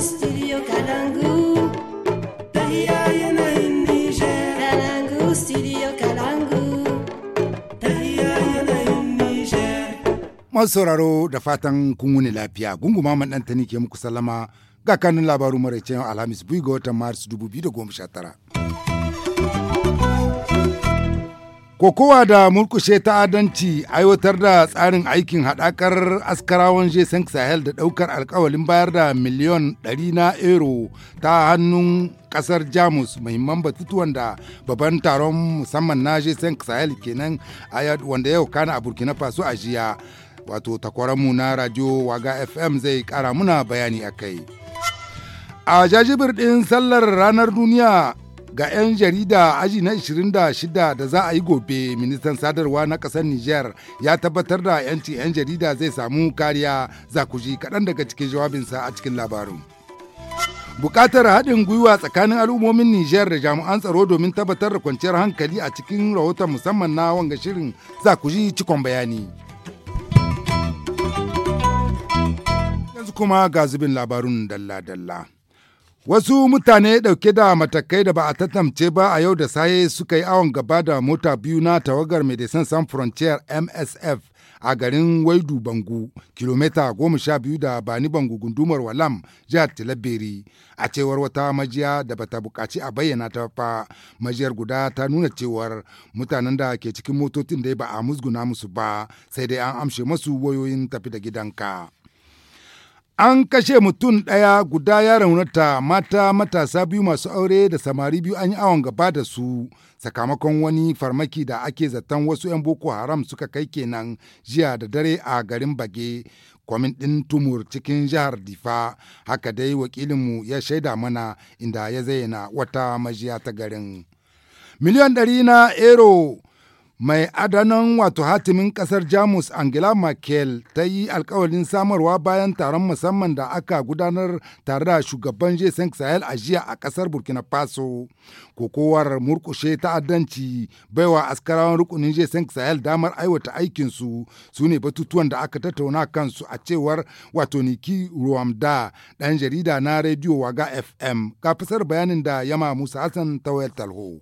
studio Masu sauraro da fatan kun wuni lafiya. Gunguma man ni ke muku sallama ga kanun labaru maraicen Alhamis biyu watan Maris 2019. kokowa da murkushe ta'adanci aiwatar da tsarin aikin haɗakar askarawan jason sahel da ɗaukar alkawalin bayar da miliyon 100 na euro ta hannun ƙasar jamus muhimman batutuwan da babban taron musamman na jason sahel kenan wanda yau kana a burkina faso a jiya wato takwaranmu na radio waga fm zai kara muna bayani a kai a jajibir ɗin sallar ranar duniya ga 'yan jarida aji na 26 da za a yi gobe ministan sadarwa na ƙasar niger ya tabbatar da 'yanci 'yan jarida zai samu kariya za kaɗan daga cikin jawabinsa a cikin labarun. bukatar haɗin gwiwa tsakanin al'ummomin niger da jami'an tsaro domin tabbatar da kwanciyar hankali a cikin rahoton musamman na wanga shirin za cikon bayani yanzu kuma ga zubin labarun dalla-dalla Wasu mutane ɗauke da matakai da ba a tattamce ba a yau da saye suka yi awon gaba da mota biyu na tawagar Medecins Sans Frontier MSF a garin Waidu Bangu, kilomita goma sha biyu da Bani Bangu gundumar Walam, jihar Tilaberi. A cewar wata majiya da bata bukaci a bayyana ta fa, majiyar guda ta nuna cewar mutanen da ke cikin motocin dai ba a musguna musu ba, sai dai an amshe masu wayoyin tafi da gidanka. An kashe mutum ɗaya guda ya raunata mata matasa biyu masu aure da samari biyu an yi awon gaba da su sakamakon wani farmaki da ake zaton wasu 'yan Boko Haram suka kai kenan jiya da dare a garin Bage, kwamin ɗin Tumur cikin jihar Difa. Haka dai wakilinmu ya shaida mana inda ya zayyana wata majiya ta garin. Miliyan ɗari na ero mai adanan wato hatimin kasar jamus angela merkel ta yi alkawalin samarwa bayan taron musamman da aka gudanar tare da shugaban jason sahel a jiya a kasar burkina faso kokowar murkushe ta'addanci baiwa askarawan rukunin jason sahel damar aiwata aikinsu su ne batutuwan da aka tattauna kansu a cewar wato niki ruwamda (Dan jarida na rediyo waga fm kafisar bayanin da yama musa hassan ta talho.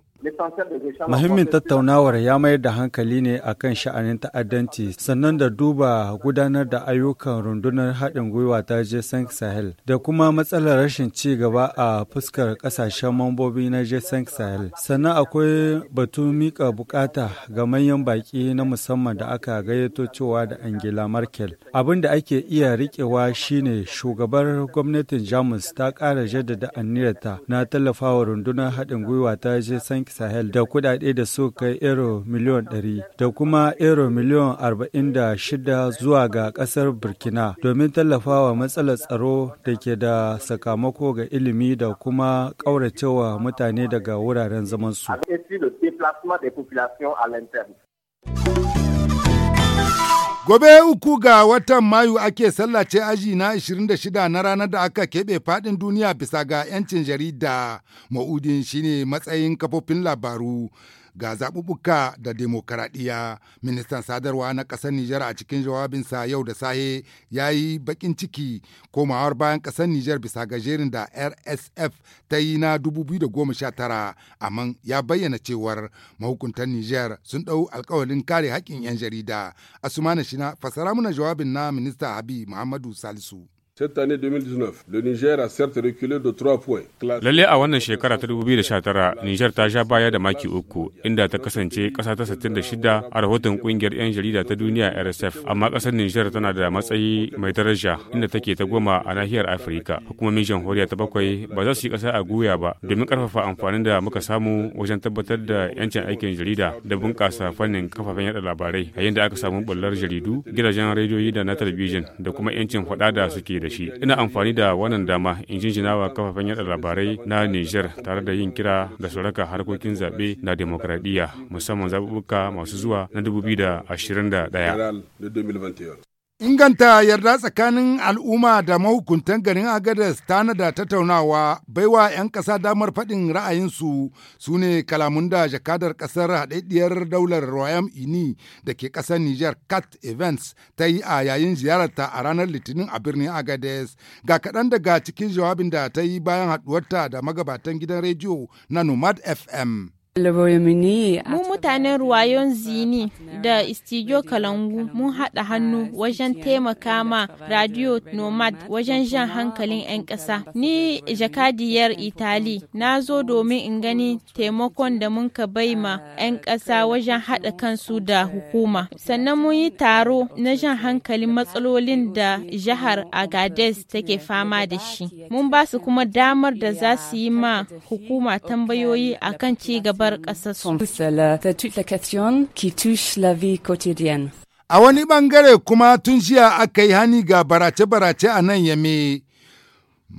Mahimmin tattaunawar ya mayar da hankali ne a kan sha'anin ta'addanci sannan da duba gudanar da ayyukan rundunar haɗin gwiwa ta Jason Sahel da kuma matsalar rashin ci gaba a fuskar ƙasashen mambobi na Jason Sahel. Sannan akwai batun mika bukata ga manyan baƙi na musamman da aka gayyato cewa da Angela Merkel. Abin da ake iya riƙewa shine shugabar gwamnatin Jamus ta ƙara jaddada aniyarta na tallafawa rundunar haɗin gwiwa ta Jason Sahel da kudade da su kai euro miliyon 100 da kuma euro miliyon 46 zuwa ga kasar Burkina domin tallafawa matsalar tsaro da ke da sakamako ga ilimi da kuma ƙauracewa mutane daga wuraren zamansu. Gobe uku ga watan Mayu ake sallace aji na 26 na ranar da aka keɓe faɗin duniya bisa ga 'yancin jarida. Ma'udin shine matsayin kafofin labaru ga zaɓuɓɓuka da demokaraɗiyya Ministan sadarwa na ƙasar Nijar a cikin jawabinsa yau da sahe ya yi baƙin ciki komawar bayan ƙasar Nijar bisa ga da RSF ta yi na 2019 amma ya bayyana cewar mahukuntan Nijar sun ɗau alkawalin kare haƙƙin 'yan jarida. Asumana Shina fasara mana jawabin na Minista Habi Muhammadu Salisu. Cette année 2019, le Niger a certes reculé de 3 points. Lalle a wannan shekara ta 2019, Niger ta sha baya da maki uku, inda ta kasance kasa ta 66 a rahoton kungiyar 'yan jarida ta duniya RSF. Amma kasar Niger tana da matsayi mai daraja inda take ta goma a nahiyar Afirka. Hukumomin jamhuriya ta bakwai ba za su yi kasa a guya ba domin karfafa amfani da muka samu wajen tabbatar da 'yancin aikin jarida da bunƙasa fannin kafafen yada labarai, yayin da aka samu bullar jaridu, gidajen rediyoyi da na talabijin da kuma 'yancin faɗa da suke da shi ina amfani da wannan dama in jinjina wa kafafen yada labarai na niger tare da yin kira da su harkokin zaɓe na demokradiyya musamman zaɓuɓɓuka masu zuwa na 2021 Inganta yarda tsakanin al'umma da mahukuntan garin Agadez da tattaunawa baiwa 'yan ƙasa damar faɗin ra'ayinsu su ne kalamun da jakadar ƙasar haɗaɗɗiyar daular Royal Ini da ke ƙasar Niger Cat Events ta yi a yayin ziyararta a ranar Litinin a birnin Agadez. Ga kaɗan daga cikin jawabin da ta yi bayan haɗuwarta da magabatan gidan rediyo na Nomad FM. Mu mutanen Ruwayon Zini da Istijo Kalangu mun haɗa hannu wajen taimaka ma Radio Nomad wajen jan hankalin 'yan ƙasa. Ni jakadiyar Itali na zo domin in gani taimakon da mun ka bai ma 'yan ƙasa wajen haɗa kansu da hukuma. Sannan mun yi taro na jan hankalin matsalolin da jihar Agades take fama da shi. Mun ba su kuma damar da za su yi ma hukuma tambayoyi akan ci gaba bar ƙasar A wani bangare kuma tun jiya aka yi hani ga barace-barace a nan yame.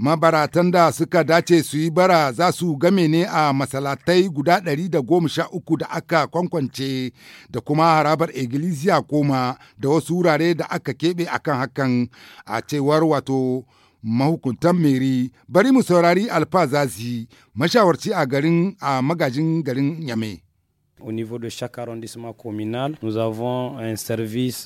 Mabaratan da suka dace su yi bara za su game ne a masalatai guda ɗari da goma sha uku da aka kwankwance da kuma harabar iglesia koma da wasu wurare da aka keɓe akan hakan a cewar wato mahukuntan meri bari mu saurari alfa zazi mashawarci a garin a magajin garin yame. de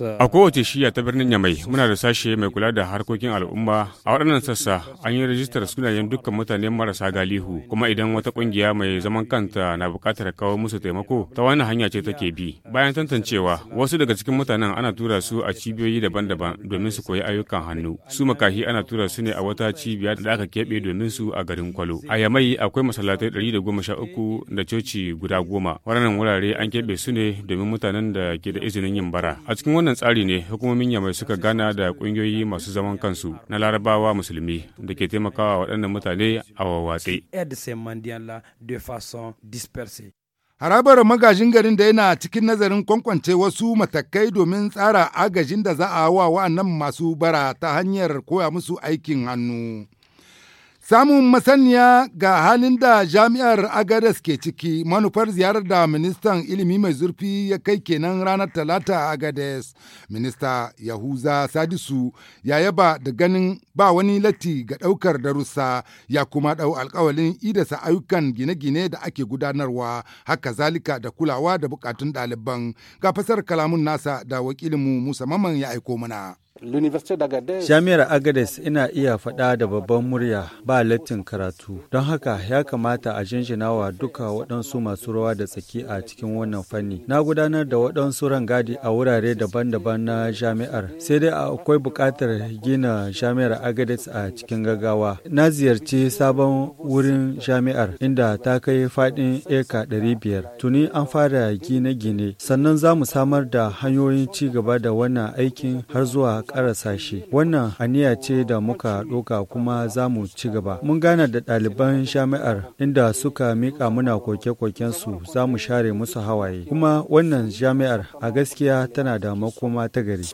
euh, A kowace shiya ta birnin Yamai, muna da sashe mai kula da harkokin al'umma. A waɗannan sassa, an yi rajistar sunayen dukkan mutane marasa galihu, kuma idan wata ƙungiya mai zaman kanta na buƙatar kawo musu taimako, ta wani hanya ce take bi. Bayan tantancewa, wasu daga cikin mutanen ana tura su a cibiyoyi daban-daban domin su koyi ayyukan hannu. Su makahi ana tura su ne a wata cibiya da aka keɓe domin su a garin Kwalo. A Yamai akwai masallatai 113 da coci guda goma. Waɗannan wurare an keɓe su ne domin mutanen da ke da izinin yin bara. A cikin wannan tsari ne hukumomin Yamai suka gana da ƙungiyoyi masu zaman kansu na Larabawa Musulmi da ke taimakawa waɗannan mutane a wawatse. Harabar magajin garin da yana cikin nazarin kwankwance wasu matakai domin tsara agajin da za a wa wa'annan masu bara ta hanyar koya musu aikin hannu. Samun masaniya ga halin da jami'ar Agadas ke ciki manufar ziyarar da ministan ilimi mai zurfi ya kai kenan ranar talata a Agadas. Minista Yahuza Sadisu ya yaba da ganin ba wani latti ga ɗaukar darussa ya kuma ɗau alkawalin idasa ayyukan gine-gine da ake gudanarwa haka zalika da kulawa da bukatun ɗaliban ga fasar kalamun nasa da wakilinmu Musa Maman ya aiko mana. Jami'ar Agades ina iya faɗa da babban murya ba lattin karatu, don haka ya kamata a wa duka waɗansu masu rawa da tsaki a cikin wannan fanni. Na gudanar da waɗansu rangadi a wurare daban-daban na jami'ar, sai dai akwai buƙatar gina jami'ar Agades a cikin gaggawa. Na ziyarci sabon wurin jami'ar inda ta kai faɗin eka ɗari biyar. Tuni an fara gine-gine, sannan za mu samar da hanyoyin ci gaba da wannan aikin har zuwa karasa shi wannan aniya ce da muka ɗauka kuma za mu ci gaba mun gana da ɗaliban jami'ar inda suka mika muna koke-koken su za mu share musu hawaye kuma wannan jami'ar a gaskiya tana da makoma ta gari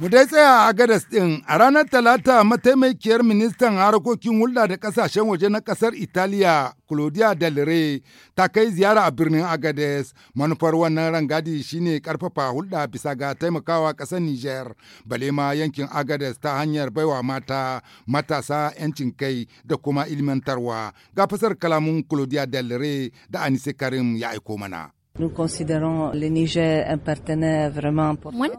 Mu dai tsaya a gadas ɗin a ranar Talata mataimakiyar ministan harkokin hulɗa da ƙasashen waje na ƙasar Italiya, Claudia Del ta kai ziyara a birnin Agades. Manufar wannan rangadi shine ƙarfafa hulɗa bisa ga taimakawa ƙasar niger balema yankin Agades ta hanyar baiwa mata matasa 'yancin kai da kuma ilmantarwa. Ga fasar kalamun Claudia Del da Anise Karim ya aiko mana. Mun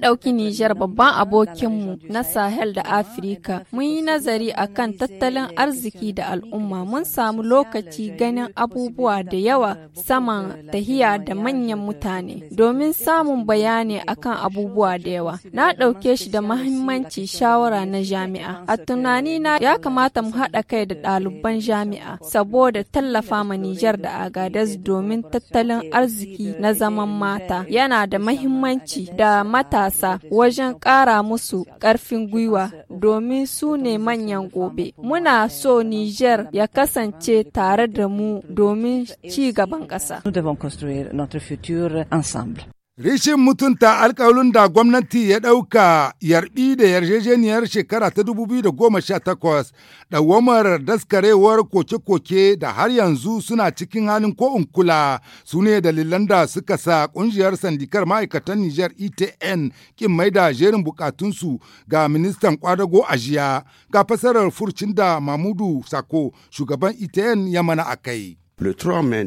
ɗauki Nijar babban abokinmu na Sahel da Afirka. Mun yi nazari akan tattalin arziki da al'umma. Mun samu lokaci ganin abubuwa da yawa saman tahiya da manyan mutane domin samun bayani akan abubuwa da yawa. Na ɗauke shi da mahimmanci shawara na jami'a. A tunani na ya kamata mu haɗa kai da ɗaliban jami'a saboda tallafa ma Nijar da Agadez domin tattalin arziki na zaman mata yana da mahimmanci da matasa wajen ƙara musu ƙarfin gwiwa domin su ne manyan gobe. Muna so Niger ya kasance tare da mu domin ci gaban ƙasa. Rishin mutunta alkawalin da gwamnati ya ɗauka yarbi da yarjejeniyar shekara ta da 2018 wamar daskarewar koke-koke da har yanzu suna cikin halin ko kula su ne dalilan da suka sa ƙungiyar sandikar ma'aikatan Nijar ETN ƙin mai da jerin bukatunsu ga ministan ƙwadago ajiya, ga fasarar furcin da Mamudu Sako shugaban ETN ya mana a kai.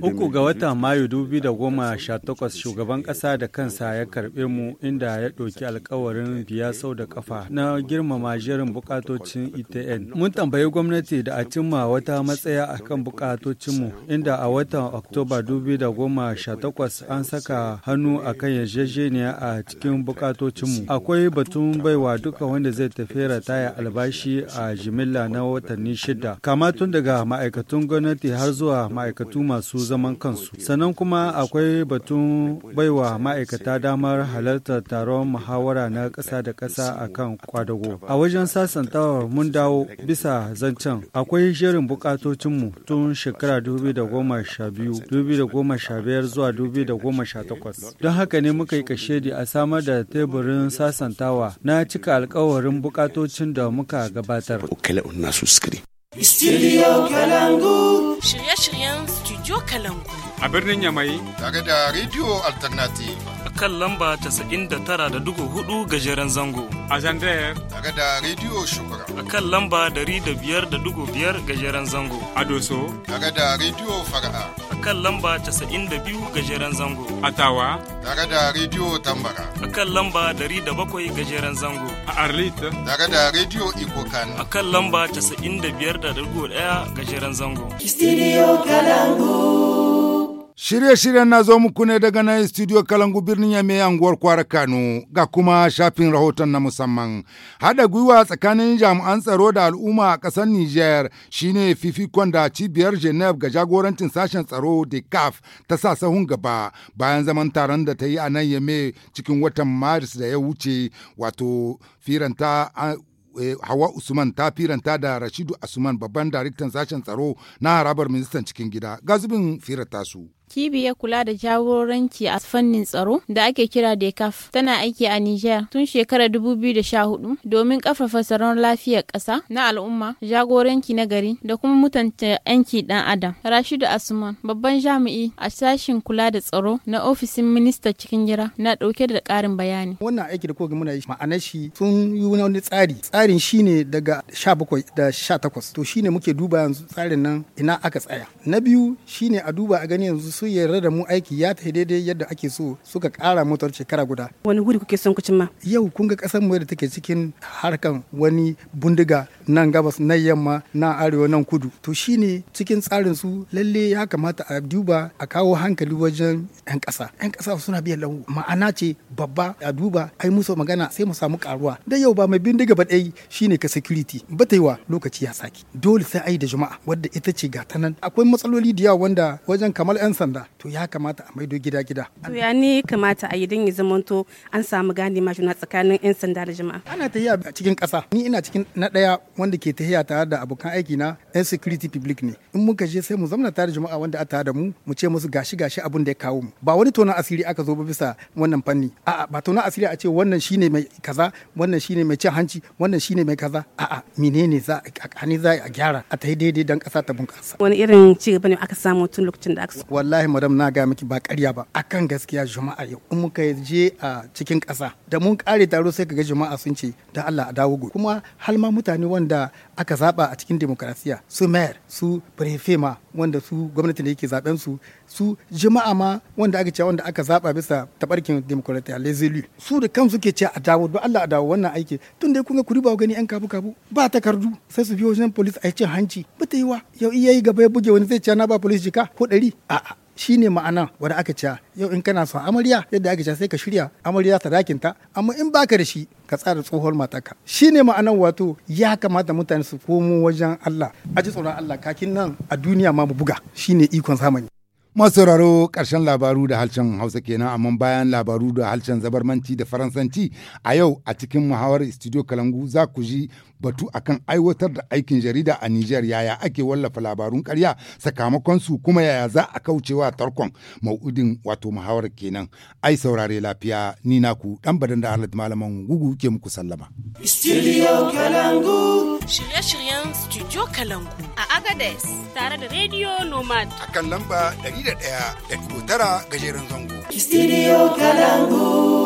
Uku ga watan Mayu 2018 shugaban ƙasa da kansa ya karɓe mu inda ya ɗauki alkawarin biya sau da kafa na girmama jerin bukatocin ETN. Mun tambayi gwamnati da a cimma wata matsaya a kan bukatocinmu inda a watan Oktoba 2018 an saka hannu a akan yarjejeniya a cikin bukatocinmu. Akwai batun baiwa duka wanda zai tafi rataya albashi a jimilla na watanni shida. Kama tun daga ma'aikatun gwamnati har zuwa ma'aikatun ma'aikatu masu zaman kansu. Sannan kuma akwai batun baiwa ma'aikata damar halartar taron muhawara na ƙasa da ƙasa a kan kwadago. A wajen sasantawa mun dawo bisa zancen akwai shirin bukatocinmu tun shekara 2012, 2015 zuwa 2018. Don haka ne muka yi kashedi a samar da teburin sasantawa na cika alkawarin bukatocin da muka gabatar. Studio Kalangu. Shirye-shiryen Studio Kalangu. A birnin Yamai. Tare da Radio Alternative. A kan lamba tara da dugu hudu gajeren zango. A Zandayar. Tare da Radio Shukura. A kan lamba dari da da biyar dugu biyar gajeren zango. A Doso. Tare da Radio Fara'a. akan lamba 92 gajeren zango. A Tawa. Tare da Radio Tambara. Akan lamba 107 gajeren zango. A Arlita. Tare da Radio Ikokan. Akan lamba 95.1 gajeren zango. Studio Kalangu. Shirye-shiryen na zo muku ne daga nan studio Kalangu birnin Yame anguwar Kwara Kano ga kuma shafin rahoton na musamman. hada gwiwa tsakanin jami'an tsaro da al'umma a ƙasar Niger shine fifikon da cibiyar Geneve ga jagorancin sashen tsaro da e CAF ta sa sahun gaba bayan zaman taron da ta yi a nan Yame cikin watan Maris da ya wuce wato firanta e, Hawa Usman ta firanta da Rashidu Usman babban daraktan sashen tsaro na harabar ministan cikin gida gazubin firanta su. Kibiyar kula da jagoranci a fannin tsaro da ake kira DECAF tana aiki a Niger tun shekarar 2014 domin ƙarfafa tsaron lafiyar ƙasa na al'umma, jagoranci na gari da kuma mutunta 'yanki ɗan adam. Rashidu Asman, babban jami'i a sashen kula da tsaro na ofishin minista cikin gira na ɗauke da ƙarin bayani. Wannan aiki da kogi muna yi ma'anar shi sun yi wani tsari. Tsarin shine daga 17 da 18 to shine muke duba yanzu tsarin nan ina aka tsaya. Na biyu shine a duba a gani yanzu su yarda da mu aiki ya ta daidai yadda ake so suka kara motar shekara guda. Wani guri kuke son kucin ma? Yau kun ga ƙasar mu da take cikin harkan wani bundiga nan gabas na yamma na arewa nan kudu. To shi ne cikin tsarin su lalle ya kamata a duba a kawo hankali wajen 'yan ƙasa. 'yan ƙasa suna biyan lahu ma'ana ce babba a duba ai musu magana sai mu samu karuwa. Da yau ba mai bindiga ba ɗai ne ka security ba ta yi wa lokaci ya saki. Dole sai yi da juma'a wadda ita ce gata nan. Akwai matsaloli da yawa wanda wajen kamar 'yan sanda to ya kamata a maido gida gida to ya ne kamata a yi don ya zamanto an samu gane ma juna tsakanin yan sanda da jama'a ana tahiya a cikin kasa ni ina cikin na daya wanda ke tahiya tare da abokan aiki na yan security public ne in muka je sai mu zamna tare da jama'a wanda a tare da mu mu ce musu gashi gashi abin da ya kawo mu ba wani tonon asiri aka zo ba bisa wannan fanni a'a ba tonon asiri a ce wannan shine mai kaza wannan shine mai cin hanci wannan shine mai kaza a'a menene za a za a gyara a ta daidai dan kasa ta bunƙasa wani irin ci gaba ne aka samu tun lokacin da aka wallahi wallahi madam na ga miki ba ƙarya ba akan gaskiya juma'a yau in muka je a cikin ƙasa da mun ƙare taro sai kaga juma'a sun ce da Allah a dawo gobe kuma har ma mutane wanda aka zaba a cikin demokrasiya su mayor su prefe ma wanda su gwamnati da yake zaben su su juma'a ma wanda aka ce wanda aka zaba bisa tabarkin demokrasiya lezelu su da kansu ke ce a dawo don Allah a dawo wannan aiki tun dai kun ga kuri ba gani yan kabu kabu ba takardu sai su biyo wajen police a cin hanci ba ta yi wa yau iya yi gaba ya buge wani zai ce na ba police jika ko ɗari a'a shine ma'ana wanda aka ce yau in kana son amarya yadda aka ce sai ka shirya amarya ta amma in baka da shi ka tsara tsohuwar shi ne ma'anar wato ya kamata mutane su komo wajen Allah a ji tsoron Allah kakin nan a duniya ma mu buga shine ikon zamani masauraro ƙarshen labaru da harshen hausa kenan amma bayan labaru da harshen zabarmanci da faransanci a yau a cikin muhawar studio kalangu za ku ji batu akan aiwatar da aikin jarida a niger yaya ake wallafa labarun karya sakamakon su kuma yaya za a kaucewa tarkon maudin wato muhawar kenan ai saurare lafiya ni naku dan badan da halat malaman gugu ke muku sallama studio kalangu shirye-shiryen Studio Kalangu a Agades tare da Radio Nomad. A kan lamba 100.9 gajeren zango. Studio Kalangu.